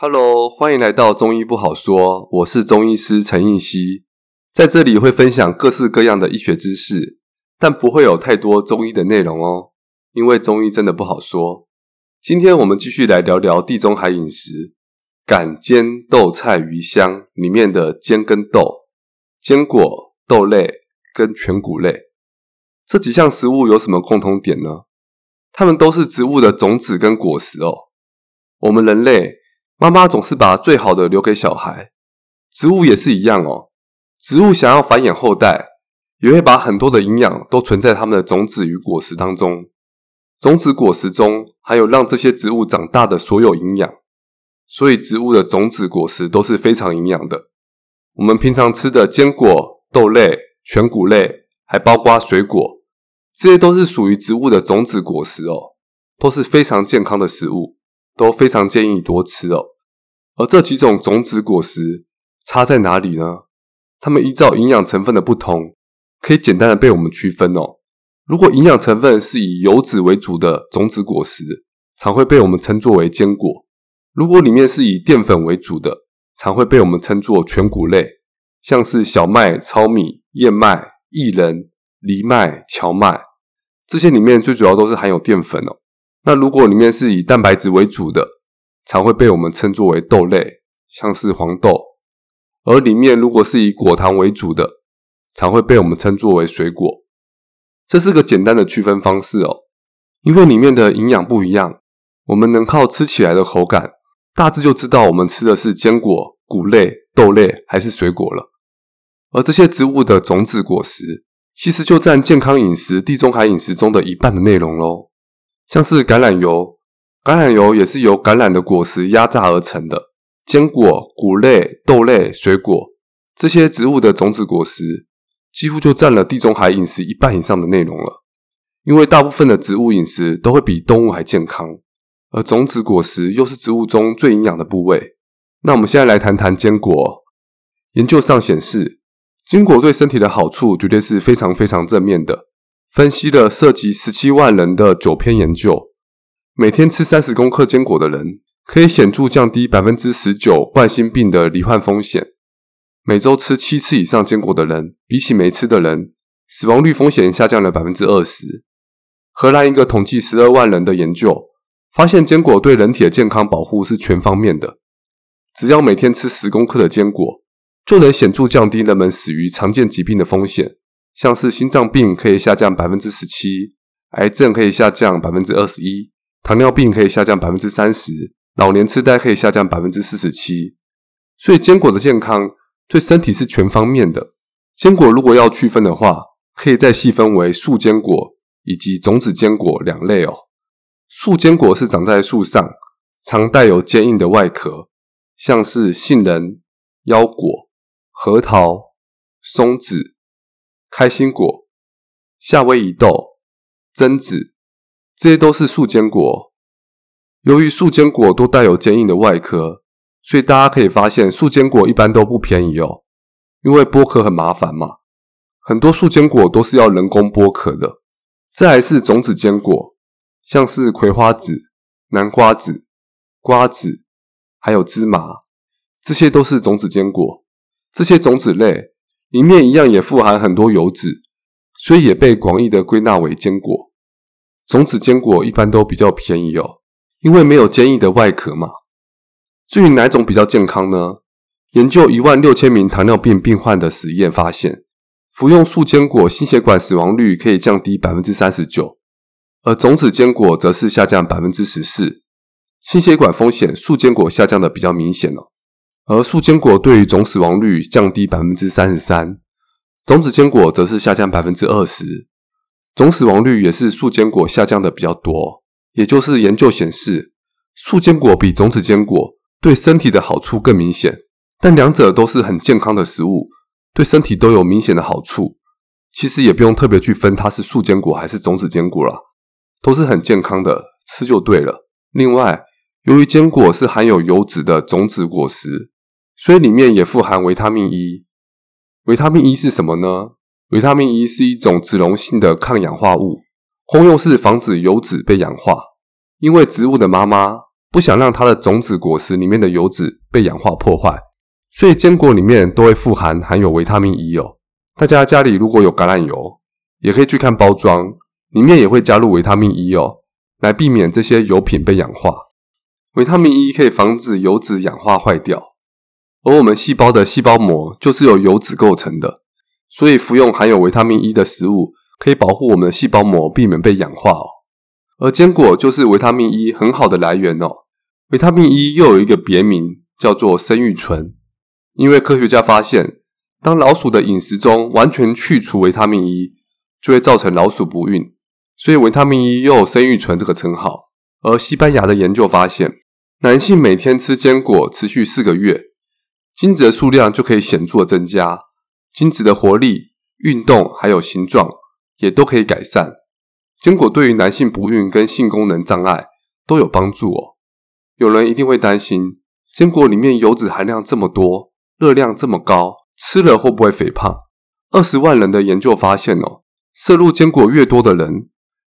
Hello，歡迎來到中醫不好說。我是中醫師陳映希，在這裡會分享各式各樣的醫學知識，但不會有太多中醫的內容哦，因為中醫真的不好說。今天我們繼續來聊聊地中海飲食，橄堅豆菜魚香裡面的堅跟豆、堅果、豆類跟全穀類這幾項食物有什麼共同點呢？它們都是植物的種子跟果實哦。我們人類。媽媽總是把最好的留給小孩，植物也是一樣哦。植物想要繁衍後代，也會把很多的營養都存在它們的種子與果實當中。種子、果實中含有讓這些植物長大的所有營養，所以植物的種子、果實都是非常營養的。我們平常吃的堅果、豆類、全穀類，還包括水果，這些都是屬於植物的種子、果實哦，都是非常健康的食物。都非常建議多吃哦。而這幾種種子果實差在哪裡呢？它們依照營養成分的不同，可以簡單的被我們區分哦。如果營養成分是以油脂為主的種子果實，常會被我們稱作為堅果；如果裡面是以澱粉為主的，常會被我們稱作全穀類，像是小麥、糙米、燕麥、薏仁、藜麥、蕎麥，這些裡面最主要都是含有澱粉哦。那如果裡面是以蛋白質為主的，才會被我們稱作為豆類，像是黃豆；而裡面如果是以果糖為主的，才會被我們稱作為水果。這是個簡單的區分方式哦，喔，因為裡面的營養不一樣，我們能靠吃起來的口感，大致就知道我們吃的是堅果、穀類、豆類還是水果了。而這些植物的種子、果實，其實就占健康飲食、地中海飲食中的一半的內容嘍。像是橄欖油，橄欖油也是由橄欖的果實壓榨而成的。堅果、穀類、豆類、水果，這些植物的種子果實，幾乎就占了地中海飲食一半以上的內容了。因為大部分的植物飲食都會比動物還健康，而種子果實又是植物中最營養的部位。那我們現在來談談堅果。研究上顯示，堅果對身體的好處絕對是非常非常正面的。分析了涉及十七萬人的九篇研究，每天吃三十公克堅果的人，可以顯著降低百分之十九冠心病的罹患風險。每周吃七次以上堅果的人，比起沒吃的人，死亡率風險下降了百分之二十。荷蘭一個統計十二萬人的研究發現，堅果對人體的健康保護是全方面的。只要每天吃十公克的堅果，就能顯著降低人們死於常見疾病的風險。像是心臟病可以下降百分之十七，癌症可以下降百分之二十一，糖尿病可以下降百分之三十，老年癡呆可以下降百分之四十七。所以堅果的健康對身體是全方面的。堅果如果要區分的話，可以再細分為樹堅果以及種子堅果兩類哦。樹堅果是長在樹上，常帶有堅硬的外殼，像是杏仁、腰果、核桃、松子。開心果、夏威夷豆、榛子，這些都是樹堅果。由於樹堅果都帶有堅硬的外殼，所以大家可以發現樹堅果一般都不便宜哦，因為剝殼很麻煩嘛。很多樹堅果都是要人工剝殼的。再來是種子堅果，像是葵花籽、南瓜籽、瓜子，還有芝麻，這些都是種子堅果。這些種子類。裡面一樣也富含很多油脂，所以也被廣義的歸納為堅果。種子堅果一般都比較便宜哦，因為沒有堅硬的外殼嘛。至於哪種比較健康呢？研究一萬六千名糖尿病病患的實驗發現，服用樹堅果心血管死亡率可以降低百分之三十九，而種子堅果則是下降百分之十四。心血管風險，樹堅果下降的比較明顯哦。而樹堅果對於總死亡率降低百分之三十三，種子堅果則是下降百分之二十，總死亡率也是樹堅果下降的比較多。也就是研究顯示，樹堅果比種子堅果對身體的好處更明顯。但兩者都是很健康的食物，對身體都有明顯的好處。其實也不用特別去分它是樹堅果還是種子堅果啦，都是很健康的，吃就對了。另外，由於堅果是含有油脂的種子果實。所以裡面也富含維他命 E，維他命 E 是什麼呢？維他命 E 是一種脂溶性的抗氧化物，功用是防止油脂被氧化。因為植物的媽媽不想讓它的種子果實裡面的油脂被氧化破壞，所以堅果裡面都會富含含有維他命 E 哦。大家家裡如果有橄欖油，也可以去看包裝，裡面也會加入維他命 E 哦，來避免這些油品被氧化。維他命 E 可以防止油脂氧化壞掉。而我們細胞的細胞膜就是由油脂構成的，所以服用含有維他命 E 的食物可以保護我們的細胞膜，避免被氧化喔。而堅果就是維他命 E 很好的來源哦。維他命 E 又有一個別名，叫做生育醇，因為科學家發現，當老鼠的飲食中完全去除維他命 E，就會造成老鼠不孕，所以維他命 E 又有生育醇這個稱號。而西班牙的研究發現，男性每天吃堅果持續四個月。精子的數量就可以顯著的增加，精子的活力、運動還有形狀也都可以改善。堅果對於男性不孕跟性功能障礙都有幫助哦。有人一定會擔心，堅果裡面油脂含量這麼多，熱量這麼高，吃了會不會肥胖？二十萬人的研究發現哦，攝入堅果越多的人，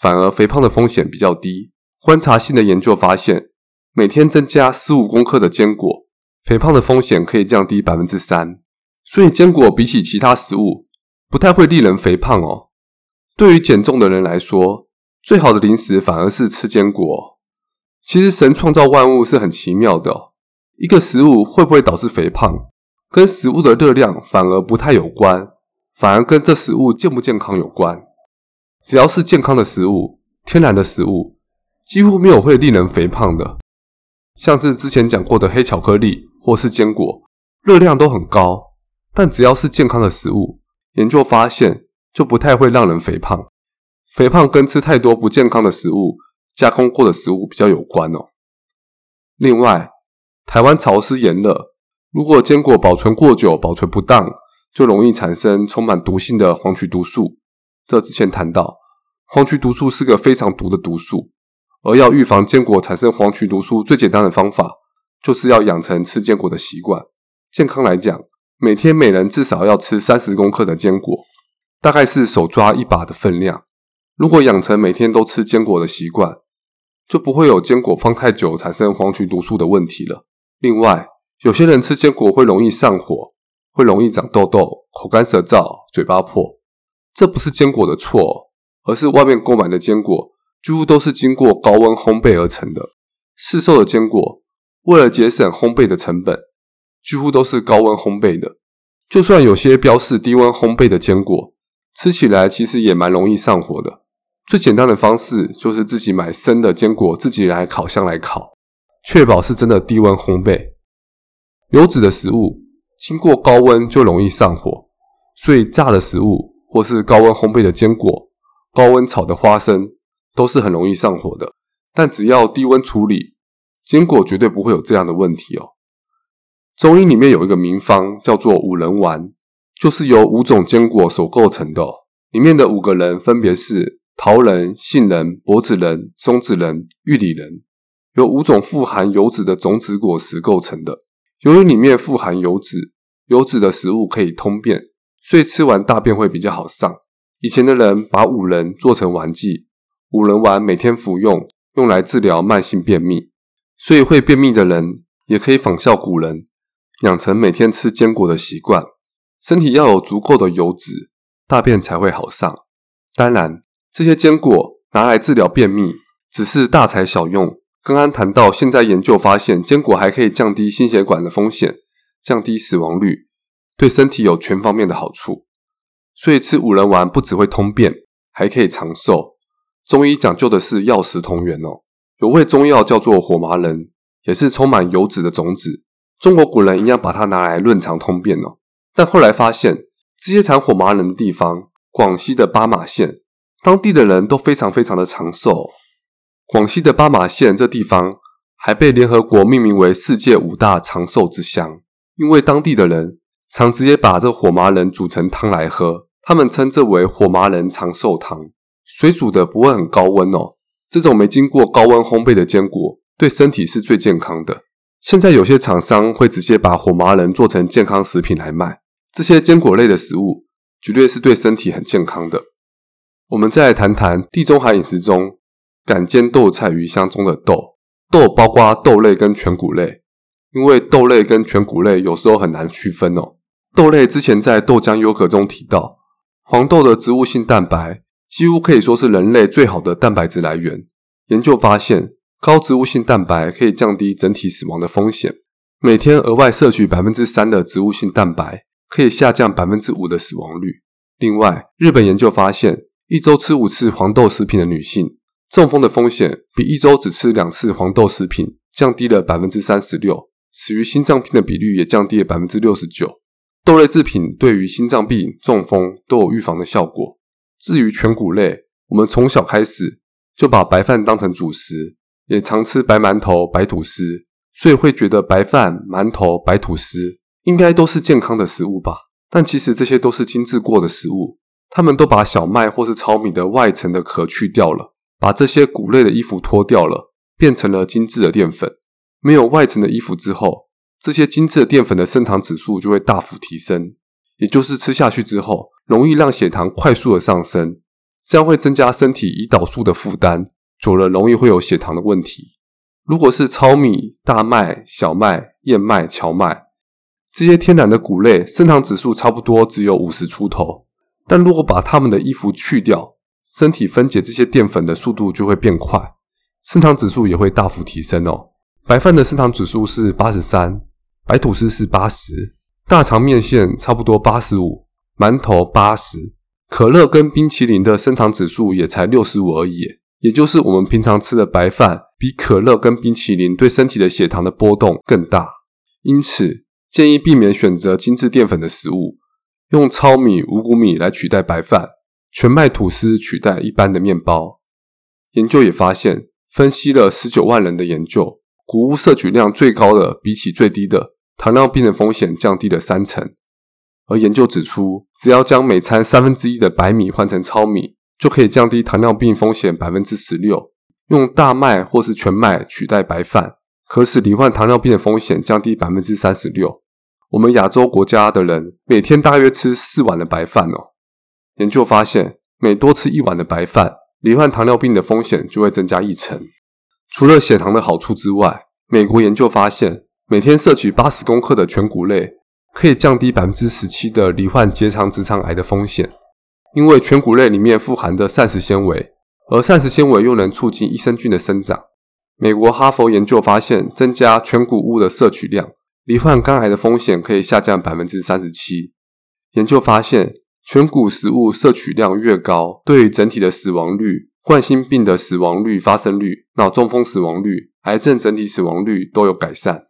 反而肥胖的風險比較低。觀察性的研究發現，每天增加十五公克的堅果。肥胖的風險可以降低百分之三，所以堅果比起其他食物，不太會令人肥胖哦。對於減重的人來說，最好的零食反而是吃堅果。其實神創造萬物是很奇妙的，一個食物會不會導致肥胖，跟食物的熱量反而不太有關，反而跟這食物健不健康有關。只要是健康的食物，天然的食物，幾乎沒有會令人肥胖的。像是之前講過的黑巧克力或是堅果，熱量都很高，但只要是健康的食物，研究發現就不太會讓人肥胖。肥胖跟吃太多不健康的食物、加工過的食物比較有關哦。另外，台灣潮濕炎熱，如果堅果保存過久、保存不當，就容易產生充滿毒性的黃麴毒素。這之前談到，黃麴毒素是個非常毒的毒素。而要預防堅果產生黃麴毒素，最簡單的方法就是要養成吃堅果的習慣。健康來講，每天每人至少要吃三十公克的堅果，大概是手抓一把的分量。如果養成每天都吃堅果的習慣，就不會有堅果放太久產生黃麴毒素的問題了。另外，有些人吃堅果會容易上火，會容易長痘痘、口乾舌燥、嘴巴破，這不是堅果的錯，而是外面購買的堅果，幾乎都是經過高溫烘焙而成的。市售的堅果，為了節省烘焙的成本，幾乎都是高溫烘焙的。就算有些標示低溫烘焙的堅果，吃起來其實也蠻容易上火的。最簡單的方式就是自己買生的堅果，自己來烤箱來烤，確保是真的低溫烘焙。油脂的食物經過高溫就容易上火，所以炸的食物或是高溫烘焙的堅果、高溫炒的花生。都是很容易上火的，但只要低溫處理，堅果絕對不會有這樣的問題哦。中醫裡面有一個名方叫做五仁丸，就是由五種堅果所構成的。裡面的五個人分別是桃仁、杏仁、柏子仁、松子仁、鬱李仁，由五種富含油脂的種子果實構成的。由於裡面富含油脂，油脂的食物可以通便，所以吃完大便會比較好上。以前的人把五仁做成丸劑。五仁丸每天服用，用來治療慢性便秘，所以會便秘的人也可以仿效古人，養成每天吃堅果的習慣。身體要有足夠的油脂，大便才會好上。當然，這些堅果拿來治療便秘只是大材小用。剛剛談到，現在研究發現，堅果還可以降低心血管的風險，降低死亡率，對身體有全方面的好處。所以吃五仁丸不只會通便，還可以長壽。中醫講究的是藥食同源哦。有味中藥叫做火麻仁，也是充滿油脂的種子。中國古人一樣把它拿來潤腸通便哦。但後來發現，這些產火麻仁的地方，廣西的巴馬縣，當地的人都非常非常的長壽哦。廣西的巴馬縣這地方還被聯合國命名為世界五大長壽之鄉，因為當地的人常直接把這火麻仁煮成湯來喝，他們稱之為火麻仁長壽湯。水煮的不會很高溫哦，這種沒經過高溫烘焙的堅果對身體是最健康的。現在有些廠商會直接把火麻仁做成健康食品來賣，這些堅果類的食物絕對是對身體很健康的。我們再來談談地中海飲食中橄堅豆菜魚香中的豆豆，包括豆類跟全穀類，因為豆類跟全穀類有時候很難區分哦。豆類之前在豆漿優格中提到，黃豆的植物性蛋白，幾乎可以說是人類最好的蛋白質來源。研究發現，高植物性蛋白可以降低整體死亡的風險。每天額外攝取百分之三的植物性蛋白，可以下降百分之五的死亡率。另外，日本研究發現，一周吃五次黃豆食品的女性，中風的風險比一周只吃兩次黃豆食品降低了百分之三十六，死於心臟病的比率也降低了百分之六十九。豆類製品對於心臟病、中風都有預防的效果。至於全穀類，我們從小開始就把白飯當成主食，也常吃白饅頭、白吐司，所以會覺得白飯、饅頭、白吐司應該都是健康的食物吧？但其實這些都是精緻過的食物，他們都把小麥或是糙米的外層的殼去掉了，把這些穀類的衣服脫掉了，變成了精緻的澱粉。沒有外層的衣服之後，這些精緻的澱粉的升糖指數就會大幅提升。也就是吃下去之後，容易讓血糖快速的上升，這樣會增加身體胰島素的負擔，久了容易會有血糖的問題。如果是糙米、大麥、小麥、燕麥、蕎麥、蕎麥這些天然的穀類，升糖指數差不多只有五十出頭。但如果把它們的衣服去掉，身體分解這些澱粉的速度就會變快，升糖指數也會大幅提升哦。白飯的升糖指數是八十三，白吐司是八十。大腸麵線差不多八十五，饅頭八十，可樂跟冰淇淋的升糖指數也才六十五而已，也就是我們平常吃的白飯，比可樂跟冰淇淋對身體的血糖的波動更大。因此，建議避免選擇精致澱粉的食物，用糙米、五穀米來取代白飯，全麥吐司取代一般的面包。研究也發現，分析了十九萬人的研究，谷物攝取量最高的，比起最低的。糖尿病的風險降低了三成，而研究指出，只要將每餐三分之一的白米換成糙米，就可以降低糖尿病風險百分之十六。用大麥或是全麥取代白飯，可使罹患糖尿病的風險降低百分之三十六。我們亞洲國家的人每天大約吃四碗的白飯哦。研究發現，每多吃一碗的白飯，罹患糖尿病的風險就會增加一成。除了血糖的好處之外，美國研究發現。每天攝取八十公克的全穀類，可以降低百分之十七的罹患結腸直腸癌的風險。因為全穀類裡面富含的膳食纖維，而膳食纖維又能促進益生菌的生長。美國哈佛研究發現，增加全穀物的攝取量，罹患肝癌的風險可以下降百分之三十七。研究發現，全穀食物攝取量越高，對於整體的死亡率、冠心病的死亡率發生率、腦中風死亡率、癌症整體死亡率都有改善。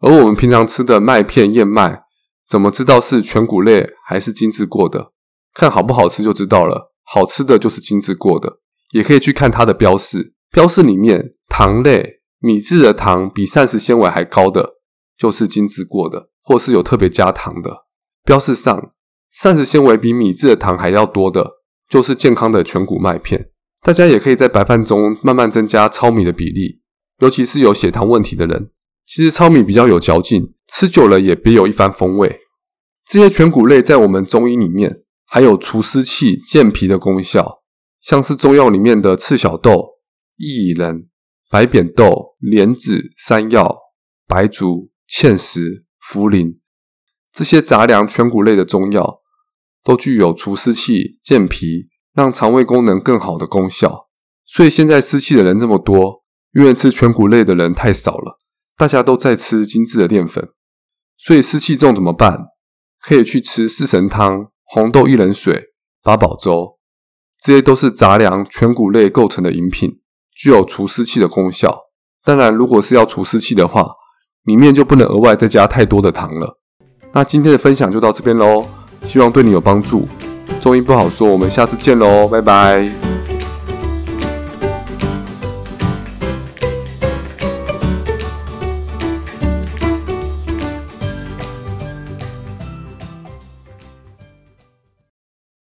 而我們平常吃的麥片燕麥，怎麼知道是全穀類還是精製過的？看好不好吃就知道了。好吃的就是精製過的，也可以去看它的標示。標示裡面，糖類米制的糖比膳食纖維還高的，就是精製過的，或是有特別加糖的。標示上，膳食纖維比米制的糖還要多的，就是健康的全穀麥片。大家也可以在白飯中慢慢增加糙米的比例，尤其是有血糖問題的人。其實糙米比較有嚼勁，吃久了也別有一番風味。這些全穀類在我們中醫裡面還有除濕氣、健脾的功效，像是中藥裡面的赤小豆、薏仁、白扁豆、蓮子、山藥、白朮、芡實、茯苓，這些雜糧全穀類的中藥，都具有除濕氣、健脾、讓腸胃功能更好的功效。所以現在濕氣的人這麼多，願意吃全穀類的人太少了。大家都在吃精緻的澱粉，所以濕氣重怎麼辦？可以去吃四神湯、紅豆薏仁水、八寶粥，這些都是雜糧、全穀類構成的飲品，具有除濕氣的功效。當然，如果是要除濕氣的話，裡面就不能額外再加太多的糖了。那今天的分享就到這邊嘍，希望對你有幫助。中醫不好說，我們下次見嘍，拜拜。